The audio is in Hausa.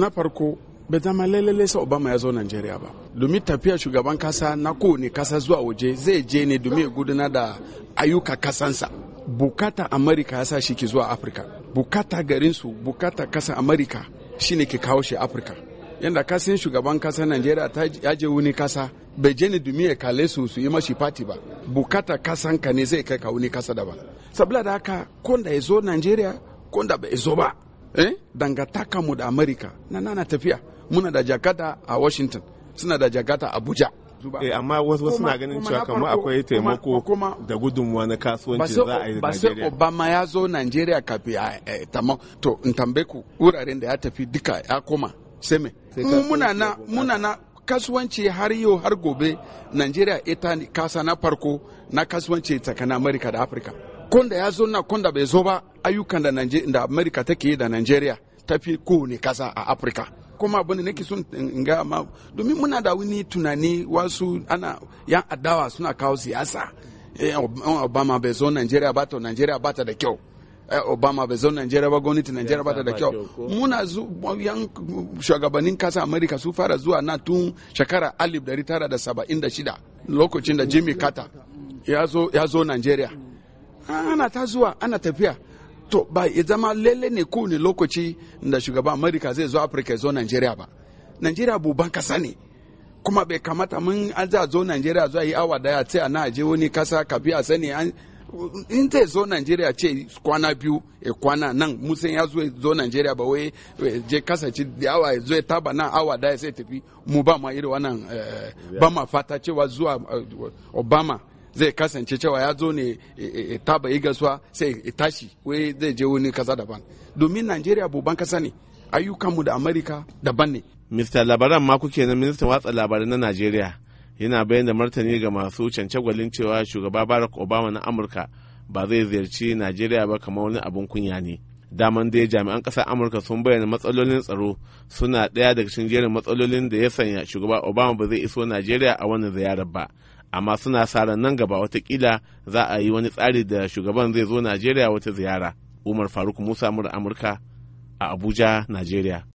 na farko bai zama lalle sa obama ya zo nigeria ba domin tafiya shugaban kasa na kowane kasa zuwa waje zai je ne domin ya gudana da ayyuka kasansa bukata amerika ya sa shi ke zuwa afirka bukata garinsu bukata kasa amerika shine ke kawo shi afirka yadda kasan shugaban kasa nigeria ta yaje wuni kasa bai je ne domin ya kale su su yi mashi fati ba bukata kasanka ne zai kai ka wuni kasa daban sabila da haka ko ya zo nigeria ko bai zo ba eh dangantaka mu da amerika na nana tafiya muna da jakata a washington suna da jakata abuja Eh, amma wasu suna ganin cewa kamar akwai taimako da gudunmuwa na kasuwanci za a yi ba sai obama ya zo nigeria kafi a eh, tamam to in tambaye ku wuraren da ya tafi duka ya koma seme muna na muna na kasuwanci har yau har gobe nigeria ita kasa na farko na kasuwanci tsakanin america da afirka konda ya zo na konda bai zo ba ayyukan da da take yi da nigeria tafi kowane kasa a afirka kuma abin da nake son in ga ma domin muna da wani tunani wasu ana yan adawa suna kawo siyasa eh, eh, obama bai zo nigeria ba to nigeria ba ta da kyau eh, obama bai zo nigeria ba gwamnati nigeria ba ta da kyau muna zu yan shugabannin kasa Amerika su fara zuwa na tun shekara 1976 lokacin da jimmy carter ya zo nigeria ana ta zuwa ana tafiya to ba ya zama lele ne ne lokaci da shugaban amurka zai zo afirka ya zo nigeria ba nigeria buban kasa ne kuma bai kamata mun an za zo nigeria zuwa yi awa daya ce a na wani kasa kafi a sani in zai zo nigeria ce kwana biyu e kwana nan musan ya zo zo nigeria ba wai je ci da awa ya zo taba nan awa daya sai tafi mu ba ma iri wannan eh, ba ma fata cewa zuwa eh, obama zai kasance cewa ya zo ne eh, eh, eh, taba yi gasuwa sai tashi wai zai je wani kasa daban domin najeriya babban kasa ne ayyukanmu da amerika daban ne mista labaran ma kuke na ministan watsa labarai na najeriya yana bayan da martani ga masu gwalin cewa shugaba barack obama na amurka ba zai ziyarci najeriya ba kamar wani abin kunya ne daman dai jami'an ƙasar amurka sun bayyana matsalolin tsaro suna ɗaya daga cikin jerin matsalolin da ya sanya shugaba obama ba zai iso najeriya a wannan ziyarar ba amma suna sa ran nan gaba watakila za a yi wani tsari da shugaban zai zo najeriya wata ziyara umar faruk musa mura amurka a abuja najeriya